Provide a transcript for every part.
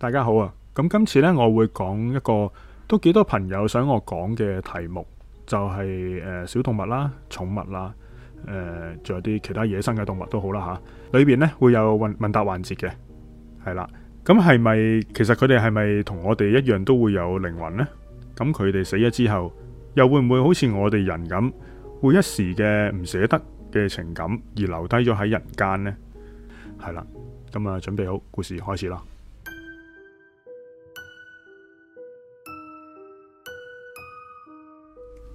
大家好啊！咁今次呢，我會講一個都幾多朋友想我講嘅題目，就係、是、誒、呃、小動物啦、寵物啦，誒、呃、仲有啲其他野生嘅動物都好啦吓。裏邊呢，會有問問答環節嘅，係啦。咁係咪其實佢哋係咪同我哋一樣都會有靈魂呢？咁佢哋死咗之後，又會唔會好似我哋人咁，會一時嘅唔捨得嘅情感而留低咗喺人間呢？係啦，咁啊，準備好故事開始啦。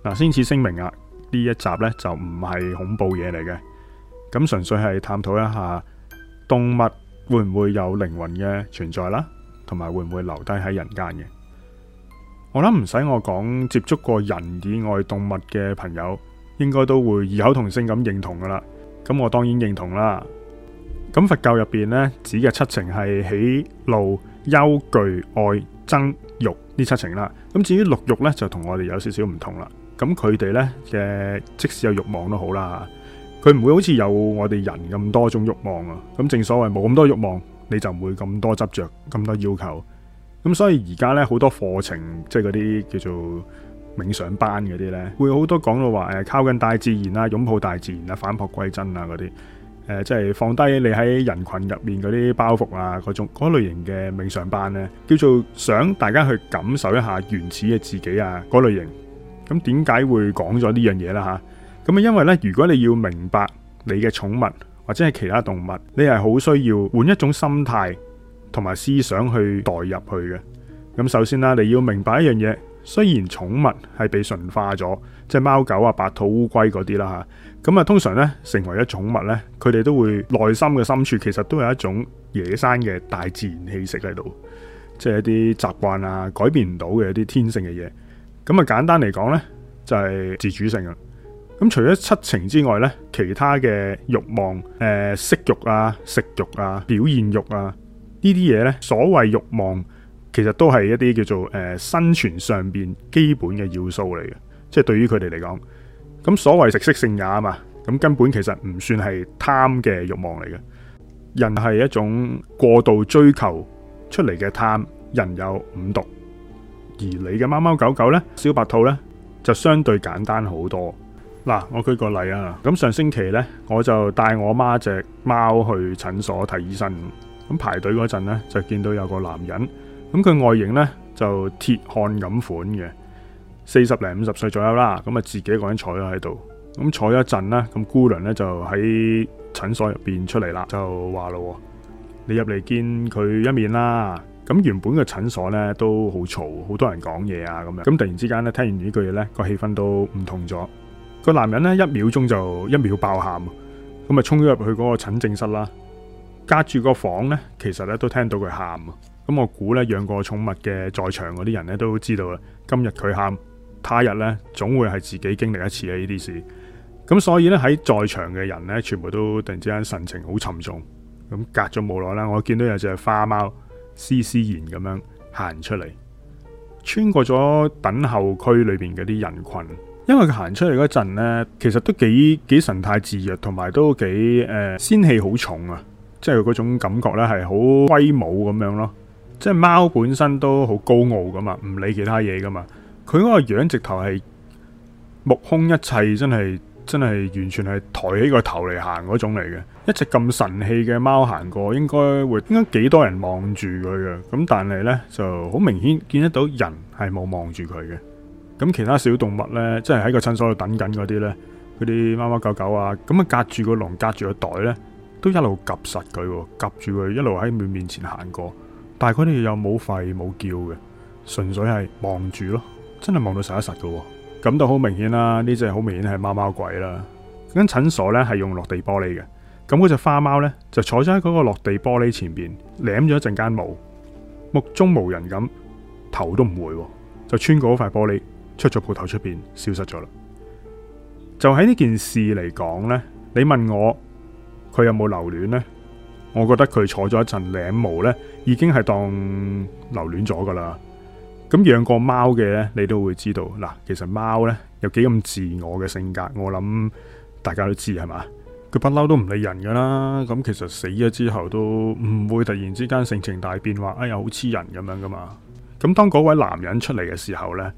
嗱，先此聲明啊，呢一集呢就唔係恐怖嘢嚟嘅，咁純粹係探討一下動物會唔會有靈魂嘅存在啦，同埋會唔會留低喺人間嘅。我諗唔使我講，接觸過人以外動物嘅朋友應該都會異口同聲咁認同噶啦。咁我當然認同啦。咁佛教入邊呢，指嘅七情係喜、怒、憂、懼、愛、憎、欲呢七情啦。咁至於六欲呢，就同我哋有少少唔同啦。咁佢哋呢，嘅，即使有欲望都好啦，佢唔會好似有我哋人咁多種欲望啊。咁正所謂冇咁多欲望，你就唔會咁多執着，咁多要求。咁所以而家呢，好多課程，即係嗰啲叫做冥想班嗰啲呢，會好多講到話誒，靠近大自然啊，擁抱大自然啊，反璞歸真啊嗰啲，誒、呃，即係放低你喺人群入面嗰啲包袱啊，嗰種嗰類型嘅冥想班呢，叫做想大家去感受一下原始嘅自己啊，嗰類型。咁點解會講咗呢樣嘢啦？嚇，咁啊，因為咧，如果你要明白你嘅寵物或者係其他動物，你係好需要換一種心態同埋思想去代入去嘅。咁首先啦，你要明白一樣嘢，雖然寵物係被馴化咗，即係貓狗啊、白兔、烏龜嗰啲啦嚇，咁啊通常咧成為一寵物咧，佢哋都會內心嘅深處其實都有一種野生嘅大自然氣息喺度，即係一啲習慣啊改變唔到嘅一啲天性嘅嘢。咁啊，簡單嚟講咧，就係自主性嘅。咁除咗七情之外咧，其他嘅慾望，誒，色慾啊、食慾啊、表現慾啊，呢啲嘢咧，所謂慾望，其實都係一啲叫做誒生存上面基本嘅要素嚟嘅。即係對於佢哋嚟講，咁所謂食色性也啊嘛，咁根本其實唔算係貪嘅慾望嚟嘅。人係一種過度追求出嚟嘅貪，人有五毒。而你嘅貓貓狗狗呢，小白兔呢，就相對簡單好多。嗱，我舉個例啊，咁上星期呢，我就帶我阿媽隻貓去診所睇醫生。咁排隊嗰陣呢，就見到有個男人，咁佢外形呢，就鐵漢咁款嘅，四十零五十歲左右啦。咁啊自己一個人坐咗喺度，咁坐咗一陣呢，咁姑娘呢，就喺診所入邊出嚟啦，就話咯，你入嚟見佢一面啦。咁原本嘅診所咧都好嘈，好多人講嘢啊，咁樣，咁突然之間咧，聽完呢句嘢咧，個氣氛都唔同咗。個男人咧一秒鐘就一秒爆喊，咁啊，衝咗入去嗰個診症室啦。隔住個房咧，其實咧都聽到佢喊。咁我估咧，養過寵物嘅在場嗰啲人咧都知道啦。今日佢喊，他日咧總會係自己經歷一次啊！呢啲事咁，所以咧喺在場嘅人咧，全部都突然之間神情好沉重。咁隔咗冇耐啦，我見到有隻花貓。絲絲然咁樣行出嚟，穿過咗等候區裏邊嗰啲人群，因為佢行出嚟嗰陣呢，其實都幾幾神態自若，同埋都幾誒、呃、仙氣好重啊！即係嗰種感覺呢，係好威武咁樣咯。即係貓本身都好高傲噶嘛，唔理其他嘢噶嘛，佢嗰個樣直頭係目空一切，真係。真係完全係抬起個頭嚟行嗰種嚟嘅，一隻咁神氣嘅貓行過，應該會應該幾多人望住佢嘅，咁但係呢，就好明顯見得到人係冇望住佢嘅，咁其他小動物呢，即係喺個診所度等緊嗰啲呢，嗰啲貓貓狗狗啊，咁啊隔住個籠隔住個袋呢，都一路 𥄫 實佢，𥄫 住佢一路喺佢面前行過，但係佢哋又冇吠冇叫嘅，純粹係望住咯，真係望到實一實喎。咁都好明顯啦，呢隻好明顯係貓貓鬼啦。間診所咧，係用落地玻璃嘅，咁嗰隻花貓咧就坐咗喺嗰個落地玻璃前邊，舐咗一陣間毛，目中無人咁，頭都唔回，就穿過嗰塊玻璃出咗鋪頭出邊，消失咗啦。就喺呢件事嚟講咧，你問我佢有冇留戀咧，我覺得佢坐咗一陣舐毛咧，已經係當留戀咗噶啦。咁養過貓嘅咧，你都會知道嗱，其實貓咧有幾咁自我嘅性格，我諗大家都知係嘛，佢不嬲都唔理人噶啦。咁其實死咗之後都唔會突然之間性情大變，話哎呀好黐人咁樣噶嘛。咁當嗰位男人出嚟嘅時候咧，誒、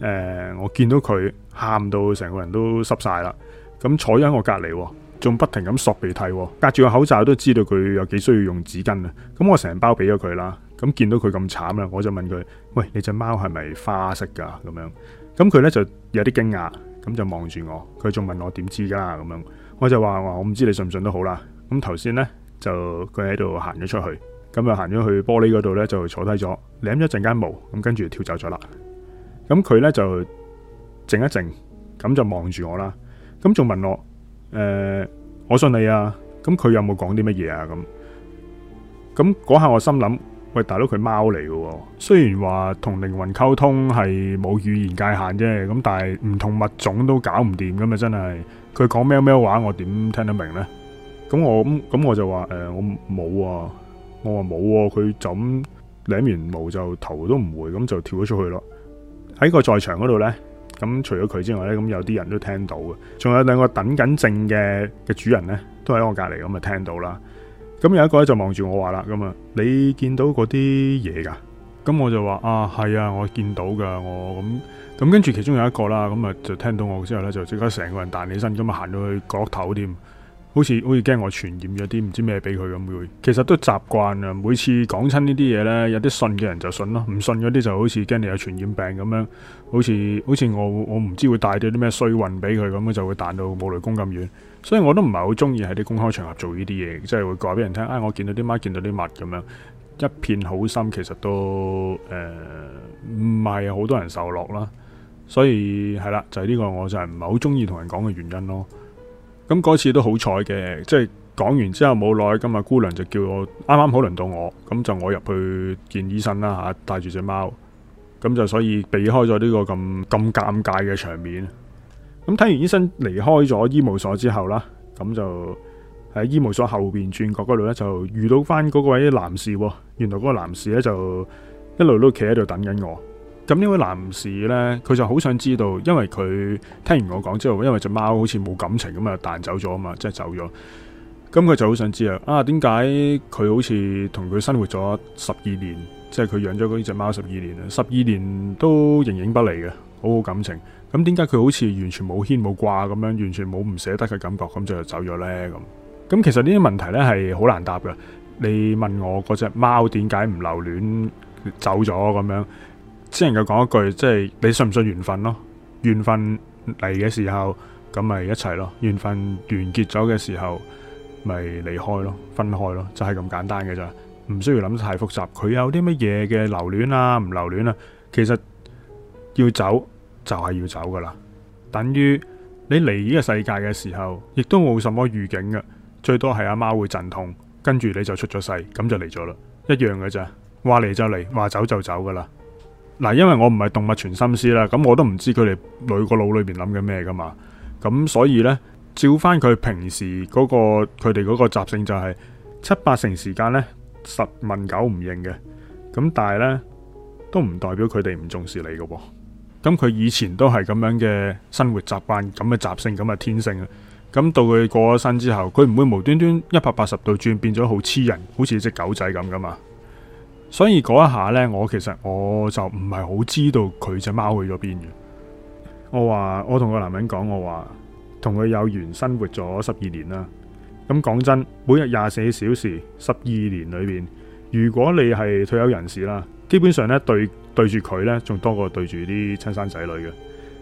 呃，我見到佢喊到成個人都濕晒啦，咁坐喺我隔籬喎，仲不停咁索鼻涕，隔住個口罩都知道佢有幾需要用紙巾啊。咁我成包俾咗佢啦。咁見到佢咁慘啦，我就問佢：喂，你隻貓係咪花色噶？咁樣，咁佢咧就有啲驚訝，咁就望住我。佢仲問我點知噶？咁樣，我就話話我唔知你信唔信都好啦。咁頭先咧就佢喺度行咗出去，咁啊行咗去玻璃嗰度咧就坐低咗，舐咗陣間毛，咁跟住跳走咗啦。咁佢咧就靜一靜，咁就望住我啦。咁仲問我：誒，我信你啊。咁佢有冇講啲乜嘢啊？咁，咁嗰下我心諗。喂，大佬，佢貓嚟嘅，雖然話同靈魂溝通係冇語言界限啫，咁但係唔同物種都搞唔掂噶嘛，真係佢講喵喵話，我點聽得明咧？咁我咁，我就話誒，我冇啊，我話冇啊，佢就咁舐完毛就頭都唔回，咁就跳咗出去咯。喺個在場嗰度咧，咁除咗佢之外咧，咁有啲人都聽到嘅，仲有兩個等緊證嘅嘅主人咧，都喺我隔籬咁就聽到啦。咁有一個咧就望住我話啦，咁啊，你見到嗰啲嘢㗎？咁我就話啊，係啊，我見到㗎。我咁咁跟住其中有一個啦，咁啊就聽到我之後咧，就即刻成個人彈起身，咁啊行到去角落頭添。好似好似驚我傳染咗啲唔知咩俾佢咁會，其實都習慣啊。每次講親呢啲嘢咧，有啲信嘅人就信咯，唔信嗰啲就好似驚你有傳染病咁樣，好似好似我我唔知會帶咗啲咩衰運俾佢咁，就會彈到冇雷公咁遠。所以我都唔係好中意喺啲公開場合做呢啲嘢，即係會講俾人聽啊，哎！我見到啲乜，見到啲物咁樣，一片好心，其實都誒唔係好多人受落啦。所以係啦，就係呢個我就係唔係好中意同人講嘅原因咯。咁嗰次都好彩嘅，即係講完之後冇耐，咁啊姑娘就叫我，啱啱好輪到我，咁就我入去見醫生啦吓，帶住隻貓，咁就所以避開咗呢個咁咁尷尬嘅場面。咁睇完醫生離開咗醫務所之後啦，咁就喺醫務所後邊轉角嗰度呢，就遇到翻嗰位男士，原來嗰個男士呢，就一路都企喺度等緊我。咁呢位男士呢，佢就好想知道，因為佢聽完我講之後，因為隻貓好似冇感情咁啊，彈走咗啊嘛，即係走咗。咁佢就好想知啊，啊點解佢好似同佢生活咗十二年，即係佢養咗嗰隻隻貓十二年啦，十二年都形影不離嘅，好好感情。咁點解佢好似完全冇牽冇掛咁樣，完全冇唔捨得嘅感覺，咁就走咗呢？咁咁其實呢啲問題呢係好難答㗎。你問我嗰隻貓點解唔留戀走咗咁樣？只能夠講一句，即係你信唔信緣分咯？緣分嚟嘅時候，咁咪一齊咯；緣分完結咗嘅時候，咪離開咯，分開咯，就係咁簡單嘅咋。唔需要諗得太複雜。佢有啲乜嘢嘅留戀啊，唔留戀啊，其實要走就係要走噶啦。等於你嚟呢個世界嘅時候，亦都冇什麼預警噶，最多係阿媽會陣痛，跟住你就出咗世，咁就嚟咗啦，一樣嘅咋，話嚟就嚟，話走就走噶啦。嗱，因為我唔係動物傳心師啦，咁我都唔知佢哋每個腦裏邊諗緊咩噶嘛，咁所以呢，照翻佢平時嗰、那個佢哋嗰個習性就係、是、七八成時間呢，十問九唔應嘅，咁但係呢，都唔代表佢哋唔重視你噶，咁佢以前都係咁樣嘅生活習慣，咁嘅習性，咁嘅天性啊，咁到佢過咗身之後，佢唔會無端端一百八十度轉變咗好黐人，好似隻狗仔咁噶嘛。所以嗰一下呢，我其實我就唔係好知道佢隻貓去咗邊嘅。我話我同個男人講，我話同佢有緣生活咗十二年啦。咁講真，每日廿四小時，十二年裏面，如果你係退休人士啦，基本上呢對對住佢呢，仲多過對住啲親生仔女嘅。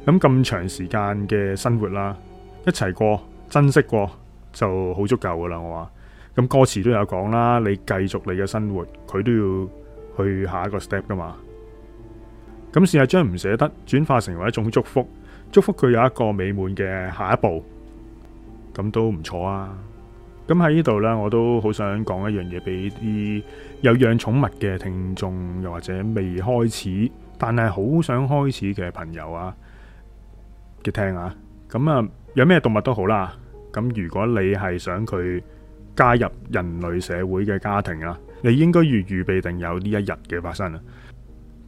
咁咁長時間嘅生活啦，一齊過，珍惜過就好足夠噶啦。我話咁歌詞都有講啦，你繼續你嘅生活，佢都要。去下一個 step 噶嘛，咁試下將唔捨得轉化成為一種祝福，祝福佢有一個美滿嘅下一步，咁都唔錯啊！咁喺呢度呢，我都好想講一樣嘢俾啲有養寵物嘅聽眾，又或者未開始但係好想開始嘅朋友啊嘅聽啊，咁啊，有咩動物都好啦，咁如果你係想佢加入人類社會嘅家庭啊。你應該要預備，定有呢一日嘅發生。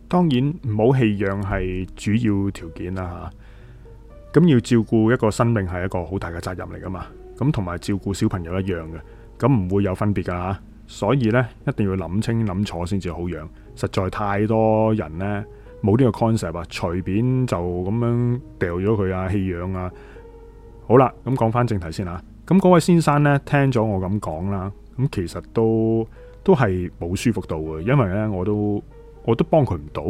當然唔好棄養係主要條件啦。吓，咁要照顧一個生命係一個好大嘅責任嚟噶嘛。咁同埋照顧小朋友一樣嘅，咁唔會有分別噶嚇。所以呢，一定要諗清諗楚先至好養。實在太多人呢，冇呢個 concept 啊，隨便就咁樣掉咗佢啊，棄養啊。好啦，咁講翻正題先吓，咁嗰位先生呢，聽咗我咁講啦，咁其實都～都係冇舒服到嘅，因為咧，我都我都幫佢唔到，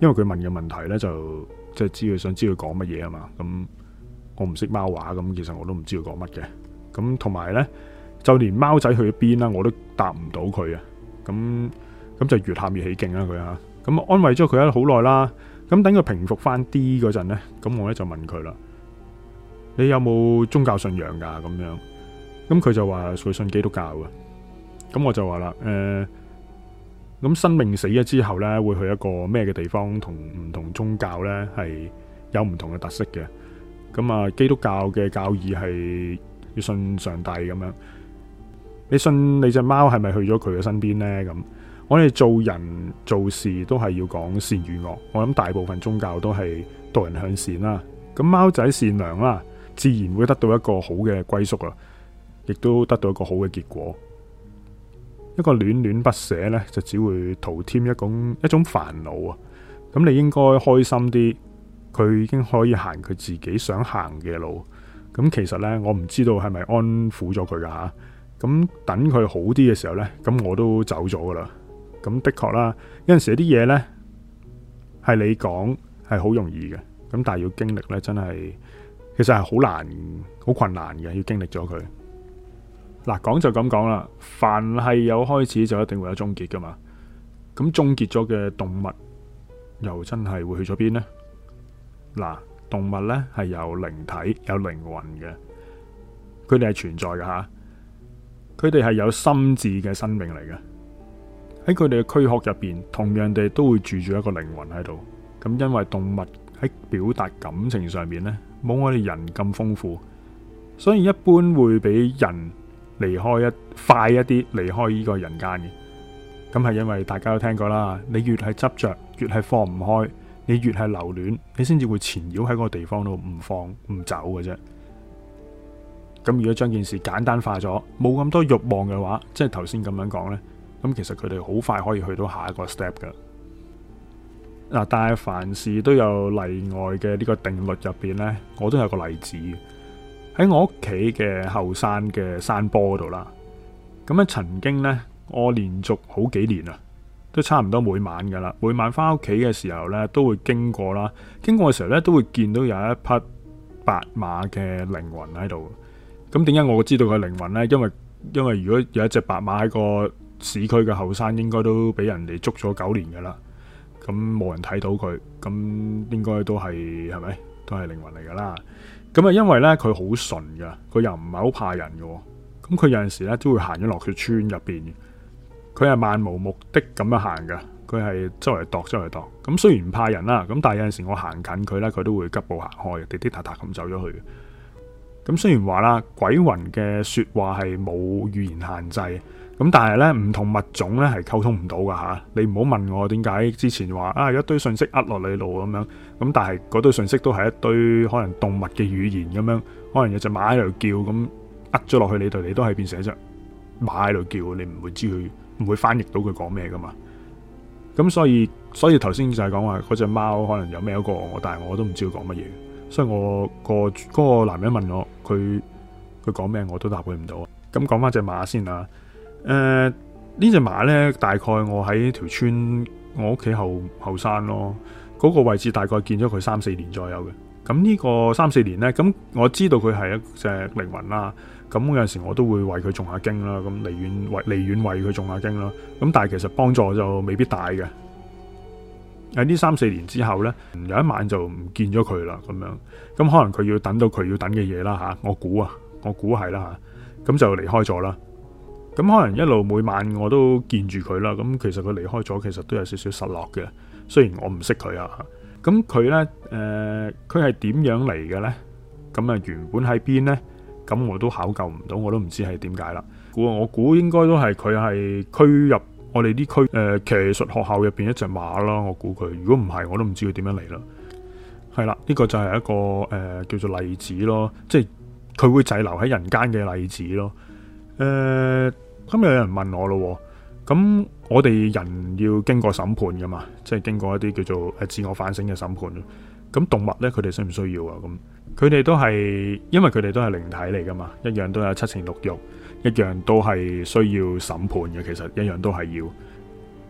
因為佢問嘅問題咧，就即係知佢想知佢講乜嘢啊嘛，咁我唔識貓話，咁其實我都唔知佢講乜嘅，咁同埋咧，就連貓仔去咗邊啦，我都答唔到佢啊，咁咁就越喊越起勁啦佢吓，咁啊安慰咗佢好耐啦，咁等佢平復翻啲嗰陣咧，咁我咧就問佢啦，你有冇宗教信仰噶咁樣？咁佢就話佢信基督教嘅。咁我就話啦，誒、呃，咁生命死咗之後呢，會去一個咩嘅地方？同唔同宗教呢係有唔同嘅特色嘅。咁啊，基督教嘅教義係要信上帝咁樣。你信你隻貓係咪去咗佢嘅身邊呢？咁我哋做人做事都係要講善與惡。我諗大部分宗教都係導人向善啦、啊。咁貓仔善良啦、啊，自然會得到一個好嘅歸宿啦、啊，亦都得到一個好嘅結果。一個戀戀不捨咧，就只會徒添一種一種煩惱啊！咁你應該開心啲，佢已經可以行佢自己想行嘅路。咁其實咧，我唔知道係咪安撫咗佢噶吓。咁等佢好啲嘅時候咧，咁我都走咗噶啦。咁的確啦，有陣時啲嘢咧，係你講係好容易嘅，咁但係要經歷咧，真係其實係好難、好困難嘅，要經歷咗佢。嗱，講就咁講啦。凡係有開始，就一定會有終結噶嘛。咁終結咗嘅動物，又真係會去咗邊呢？嗱，動物呢係有靈體、有靈魂嘅，佢哋係存在嘅吓。佢哋係有心智嘅生命嚟嘅。喺佢哋嘅軀殼入邊，同樣地都會住住一個靈魂喺度。咁因為動物喺表達感情上面呢，冇我哋人咁豐富，所以一般會畀人。離開一，快一啲離開呢個人間嘅，咁係因為大家都聽過啦，你越係執着，越係放唔開，你越係留戀，你先至會纏繞喺嗰個地方度唔放唔走嘅啫。咁如果將件事簡單化咗，冇咁多欲望嘅話，即係頭先咁樣講呢，咁其實佢哋好快可以去到下一個 step 嘅。嗱，但係凡事都有例外嘅呢個定律入邊呢，我都有個例子。喺我屋企嘅後山嘅山坡嗰度啦，咁咧曾經咧，我連續好幾年啊，都差唔多每晚噶啦，每晚翻屋企嘅時候咧，都會經過啦，經過嘅時候咧，都會見到有一匹白馬嘅靈魂喺度。咁點解我知道佢靈魂咧？因為因為如果有一隻白馬喺個市區嘅後山，應該都俾人哋捉咗九年噶啦，咁冇人睇到佢，咁應該都係，係咪？都係靈魂嚟噶啦？咁啊，因為咧佢好純噶佢又唔係好怕人嘅。咁佢有陣時咧都會行咗落去村入邊，佢係漫無目的咁樣行噶佢係周圍度周圍度。咁雖然唔怕人啦，咁但係有陣時我行近佢咧，佢都會急步行開，滴滴嗒嗒咁走咗去。咁雖然話啦，鬼魂嘅說話係冇語言限制。咁但係咧，唔同物種咧係溝通唔到噶吓，你唔好問我點解之前話啊一堆信息呃落你度咁樣，咁但係嗰堆信息都係一堆可能動物嘅語言咁樣，可能有隻馬喺度叫咁呃咗落去你度，你都係變成隻馬喺度叫，你唔會知，佢唔會翻譯到佢講咩噶嘛。咁所以所以頭先就係講話嗰隻貓可能有咩一個我，但係我都唔知佢講乜嘢，所以我、嗰個，嗰個男人問我佢佢講咩，我都答佢唔到啊。咁講翻隻馬先啊。誒，呢隻馬呢，大概我喺條村，我屋企後後山咯，嗰個位置大概見咗佢三四年左右嘅。咁呢個三四年呢，咁我知道佢係一隻靈魂啦。咁有陣時我都會為佢誦下經啦，咁離遠為離遠為佢誦下經啦。咁但係其實幫助就未必大嘅。喺呢三四年之後呢，有一晚就唔見咗佢啦，咁樣。咁可能佢要等到佢要等嘅嘢啦吓，我估啊，我估係啦吓，咁就離開咗啦。咁可能一路每晚我都見住佢啦，咁其實佢離開咗，其實都有少少失落嘅。雖然我唔識佢啊，咁佢呢？誒、呃，佢係點樣嚟嘅呢？咁啊，原本喺邊呢？咁我都考究唔到，我都唔知係點解啦。估我估應該都係佢係區入我哋啲區誒騎術學校入邊一隻馬啦。我估佢如果唔係，我都唔知佢點樣嚟啦。係啦，呢、這個就係一個誒、呃、叫做例子咯，即係佢會滯留喺人間嘅例子咯，誒、呃。今日有人問我咯，咁我哋人要經過審判噶嘛，即係經過一啲叫做誒自我反省嘅審判。咁動物咧，佢哋需唔需要啊？咁佢哋都係，因為佢哋都係靈體嚟噶嘛，一樣都有七情六欲，一樣都係需要審判嘅。其實一樣都係要。誒、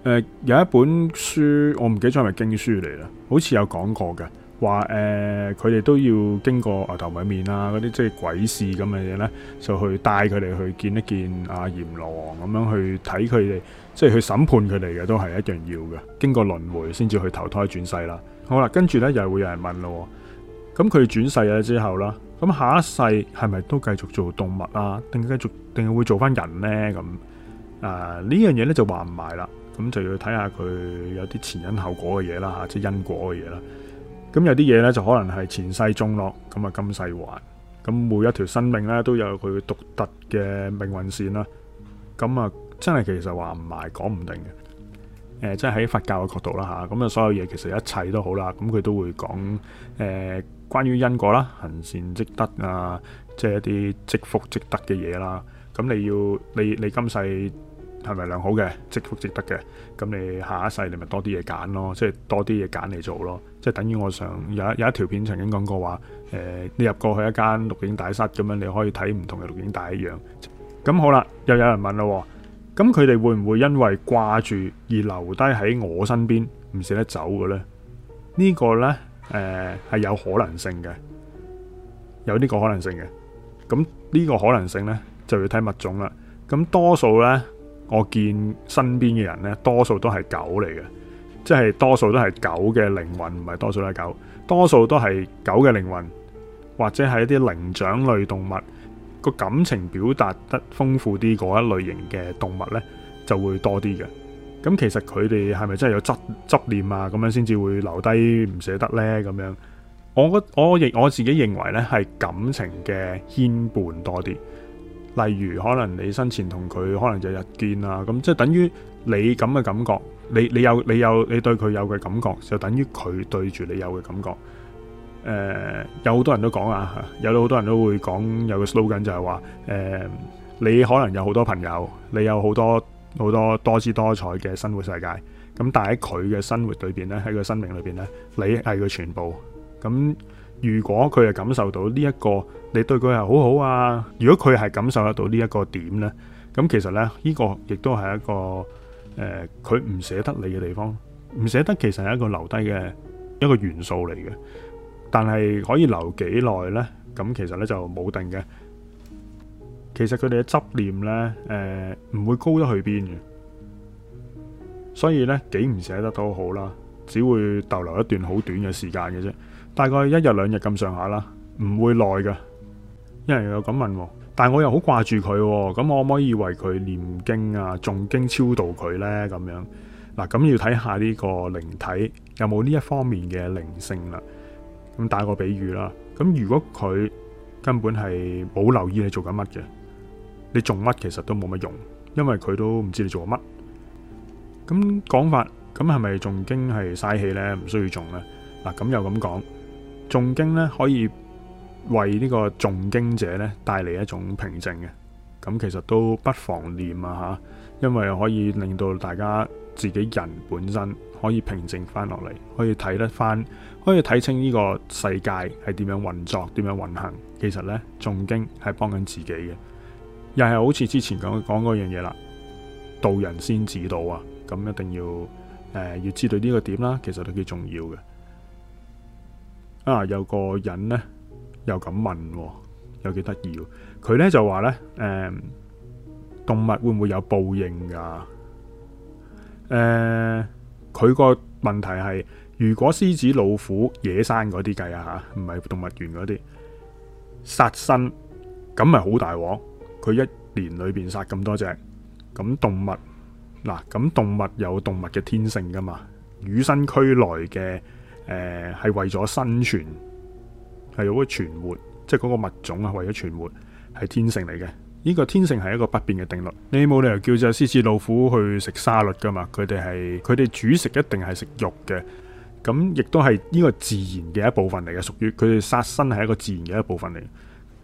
呃，有一本書，我唔記得係咪經書嚟啦，好似有講過嘅。話誒，佢、呃、哋都要經過牛頭馬面啊，嗰啲即係鬼市咁嘅嘢咧，就去帶佢哋去見一見阿閻羅王咁樣去睇佢哋，即係去審判佢哋嘅都係一樣要嘅，經過輪回先至去投胎轉世啦。好啦，跟住咧又會有人問咯，咁佢轉世咗之後啦，咁下一世係咪都繼續做動物啊？定繼續定係會做返人咧？咁啊呢樣嘢咧就話唔埋啦，咁就要睇下佢有啲前因後果嘅嘢啦，吓即係因果嘅嘢啦。咁有啲嘢咧，就可能係前世種落，咁啊今世還。咁每一條生命咧，都有佢獨特嘅命運線啦。咁啊，真係其實話唔埋，講唔定嘅。誒，即係喺佛教嘅角度啦，吓咁啊，所有嘢其實一切都好啦。咁佢都會講誒，關於因果啦，行善積德啊，即係一啲積福積德嘅嘢啦。咁你要你你今世。係咪良好嘅，積福積德嘅？咁你下一世你咪多啲嘢揀咯，即係多啲嘢揀嚟做咯，即係等於我上有，有一有一條片曾經講過話，誒，你入過去一間錄影大室咁樣，你可以睇唔同嘅錄影大一樣。咁好啦，又有人問啦，咁佢哋會唔會因為掛住而留低喺我身邊，唔捨得走嘅咧？呢個呢，誒係有可能性嘅，有呢個可能性嘅。咁呢個可能性呢，就要睇物種啦。咁多數呢。我見身邊嘅人呢，多數都係狗嚟嘅，即係多數都係狗嘅靈魂，唔係多數都係狗，多數都係狗嘅靈魂，或者係一啲靈長類動物個感情表達得豐富啲嗰一類型嘅動物呢，就會多啲嘅。咁其實佢哋係咪真係有執執念啊？咁樣先至會留低唔捨得呢？咁樣我我認我自己認為呢，係感情嘅牽絆多啲。例如，可能你生前同佢可能就日見啊，咁即係等於你咁嘅感覺，你你有你有你對佢有嘅感覺，就等於佢對住你有嘅感覺。誒、呃，有好多人都講啊，有好多人都會講有個 slogan 就係話，誒、呃，你可能有好多朋友，你有好多好多多姿多彩嘅生活世界，咁但係喺佢嘅生活裏邊咧，喺佢生命裏邊咧，你係佢全部。咁如果佢係感受到呢、這、一個。你對佢係好好啊。如果佢係感受得到呢一個點呢，咁其實呢，呢個亦都係一個誒，佢唔捨得你嘅地方，唔捨得其實係一個留低嘅一個元素嚟嘅。但係可以留幾耐呢？咁其實呢就冇定嘅。其實佢哋嘅執念呢，誒唔會高得去邊嘅。所以呢，幾唔捨得都好啦，只會逗留一段好短嘅時間嘅啫，大概一日兩日咁上下啦，唔會耐嘅。有人又咁問，但係我又好掛住佢，咁我可唔可以為佢唸經啊、誦經超度佢呢？咁樣嗱，咁要睇下呢個靈體有冇呢一方面嘅靈性啦。咁打個比喻啦，咁如果佢根本係冇留意你做緊乜嘅，你誦乜其實都冇乜用，因為佢都唔知你做緊乜。咁講法，咁係咪誦經係嘥氣呢？唔需要誦呢。嗱，咁又咁講，誦經呢可以。為呢個誦經者咧帶嚟一種平靜嘅，咁其實都不妨念啊吓，因為可以令到大家自己人本身可以平靜翻落嚟，可以睇得翻，可以睇清呢個世界係點樣運作、點樣運行。其實呢，誦經係幫緊自己嘅，又係好似之前咁講嗰樣嘢啦，導人先至道啊，咁一定要誒、呃、要知道呢個點啦，其實都幾重要嘅。啊，有個人呢。又咁問，有幾得意喎！佢咧就話咧，誒、嗯、動物會唔會有報應噶？誒，佢個問題係，如果獅子、老虎、野生嗰啲計啊嚇，唔係動物園嗰啲殺生，咁咪好大鑊。佢一年裏邊殺咁多隻，咁動物嗱，咁動物有動物嘅天性噶嘛，與生俱來嘅誒係為咗生存。係為存活，即係嗰個物種啊，為咗存活係天性嚟嘅。呢、這個天性係一個不變嘅定律。你冇理由叫隻獅子老虎去食沙律噶嘛？佢哋係佢哋主食一定係食肉嘅。咁亦都係呢個自然嘅一部分嚟嘅，屬於佢哋殺生係一個自然嘅一部分嚟。誒、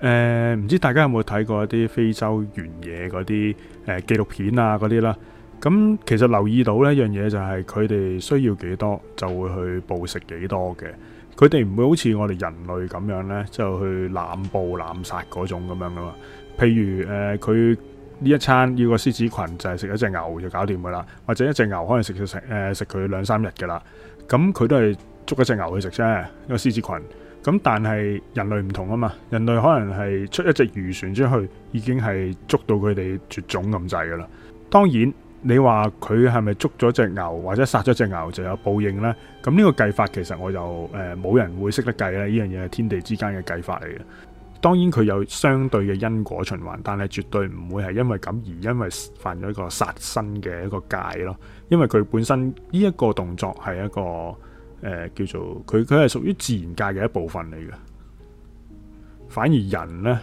呃，唔知大家有冇睇過一啲非洲原野嗰啲誒紀錄片啊嗰啲啦？咁其實留意到咧、就是，一樣嘢就係佢哋需要幾多就會去捕食幾多嘅。佢哋唔會好似我哋人類咁樣呢，就去濫捕濫殺嗰種咁樣噶嘛。譬如誒，佢、呃、呢一餐要、呢個獅子群，就係食一隻牛就搞掂噶啦，或者一隻牛可能食食誒食佢兩三日噶啦。咁佢都係捉一隻牛去食啫，一、呢個獅子群。咁但係人類唔同啊嘛，人類可能係出一隻漁船出去，已經係捉到佢哋絕種咁滯噶啦。當然。你話佢係咪捉咗隻牛或者殺咗隻牛就有報應呢？咁呢個計法其實我就誒冇、呃、人會識得計啦。呢樣嘢係天地之間嘅計法嚟嘅。當然佢有相對嘅因果循環，但係絕對唔會係因為咁而因為犯咗一個殺生嘅一個戒咯。因為佢本身呢一個動作係一個誒、呃、叫做佢佢係屬於自然界嘅一部分嚟嘅。反而人呢，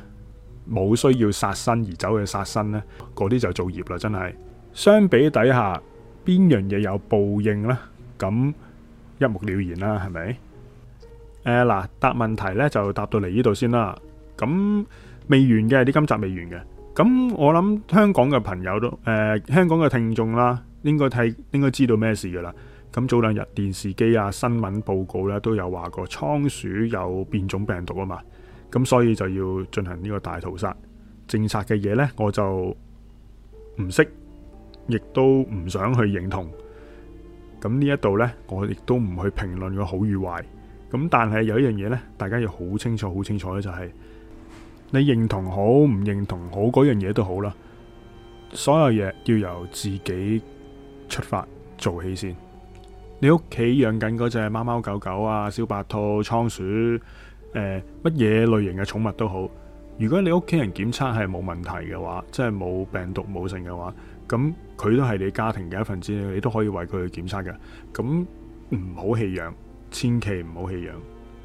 冇需要殺生而走去殺生呢，嗰啲就造業啦，真係。相比底下邊樣嘢有報應呢？咁一目了然啦，係咪？誒、呃，嗱答問題呢就答到嚟呢度先啦。咁未完嘅，啲今集未完嘅。咁我諗香港嘅朋友都誒、呃，香港嘅聽眾啦，應該睇應該知道咩事噶啦。咁早兩日電視機啊，新聞報告咧都有話過倉鼠有變種病毒啊嘛。咁所以就要進行呢個大屠殺政策嘅嘢呢，我就唔識。亦都唔想去認同，咁呢一度呢，我亦都唔去評論個好與壞。咁但係有一樣嘢呢，大家要好清楚、好清楚嘅就係，你認同好，唔認同好，嗰樣嘢都好啦。所有嘢要由自己出發做起先你貓貓。你屋企養緊嗰隻貓貓狗狗啊、小白兔、倉鼠，呃、乜嘢類型嘅寵物都好。如果你屋企人檢測係冇問題嘅話，即係冇病毒冇性嘅話。咁佢都係你家庭嘅一份子，你都可以為佢去檢測嘅。咁唔好棄養，千祈唔好棄養，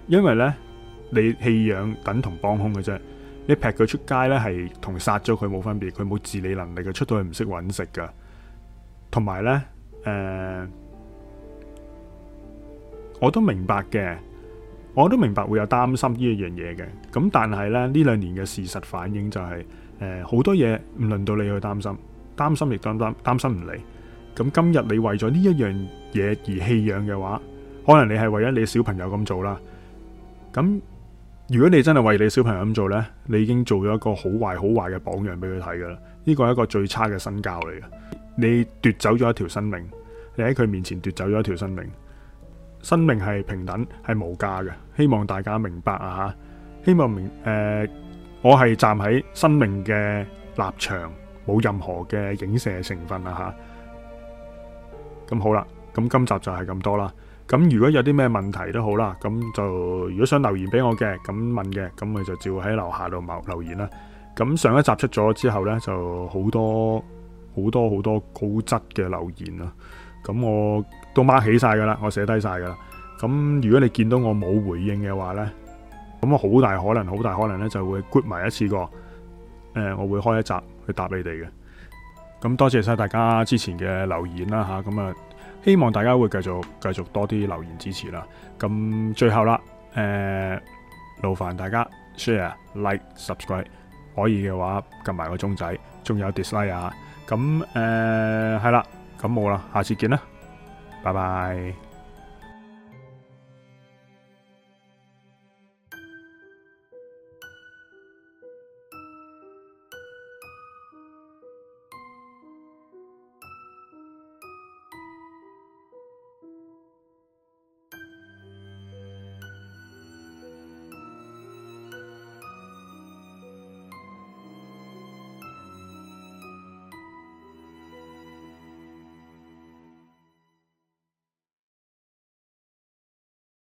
因為咧你棄養等同幫兇嘅啫。你劈佢出街咧，係同殺咗佢冇分別，佢冇自理能力嘅，出到去唔識揾食噶。同埋咧，誒，我都明白嘅，我都明白會有擔心呢一樣嘢嘅。咁但係咧呢兩年嘅事實反映就係，誒好多嘢唔輪到你去擔心。擔心亦都擔擔心唔嚟，咁今日你為咗呢一樣嘢而棄養嘅話，可能你係為咗你小朋友咁做啦。咁如果你真係為你小朋友咁做呢，你已經做咗一個好壞好壞嘅榜樣俾佢睇噶啦。呢個係一個最差嘅身教嚟嘅。你奪走咗一條生命，你喺佢面前奪走咗一條生命。生命係平等，係無價嘅。希望大家明白啊吓！希望明誒，我係站喺生命嘅立場。冇任何嘅影射成分啦、啊，吓、啊、咁好啦，咁今集就係咁多啦。咁如果有啲咩問題都好啦，咁就如果想留言俾我嘅，咁問嘅，咁你就照喺樓下度留留言啦。咁上一集出咗之後呢，就好多好多好多高質嘅留言啦。咁我都 mark 起晒噶啦，我寫低晒噶啦。咁如果你見到我冇回應嘅話呢，咁我好大可能，好大可能呢就會 group 埋一次過，誒、呃，我會開一集。去答你哋嘅，咁多謝晒大家之前嘅留言啦吓，咁啊希望大家會繼續繼續多啲留言支持啦。咁最後啦，誒、呃，勞煩大家 share、like、subscribe，可以嘅話撳埋個鐘仔，仲有 dislike 啊。咁誒係啦，咁冇啦，下次見啦，拜拜。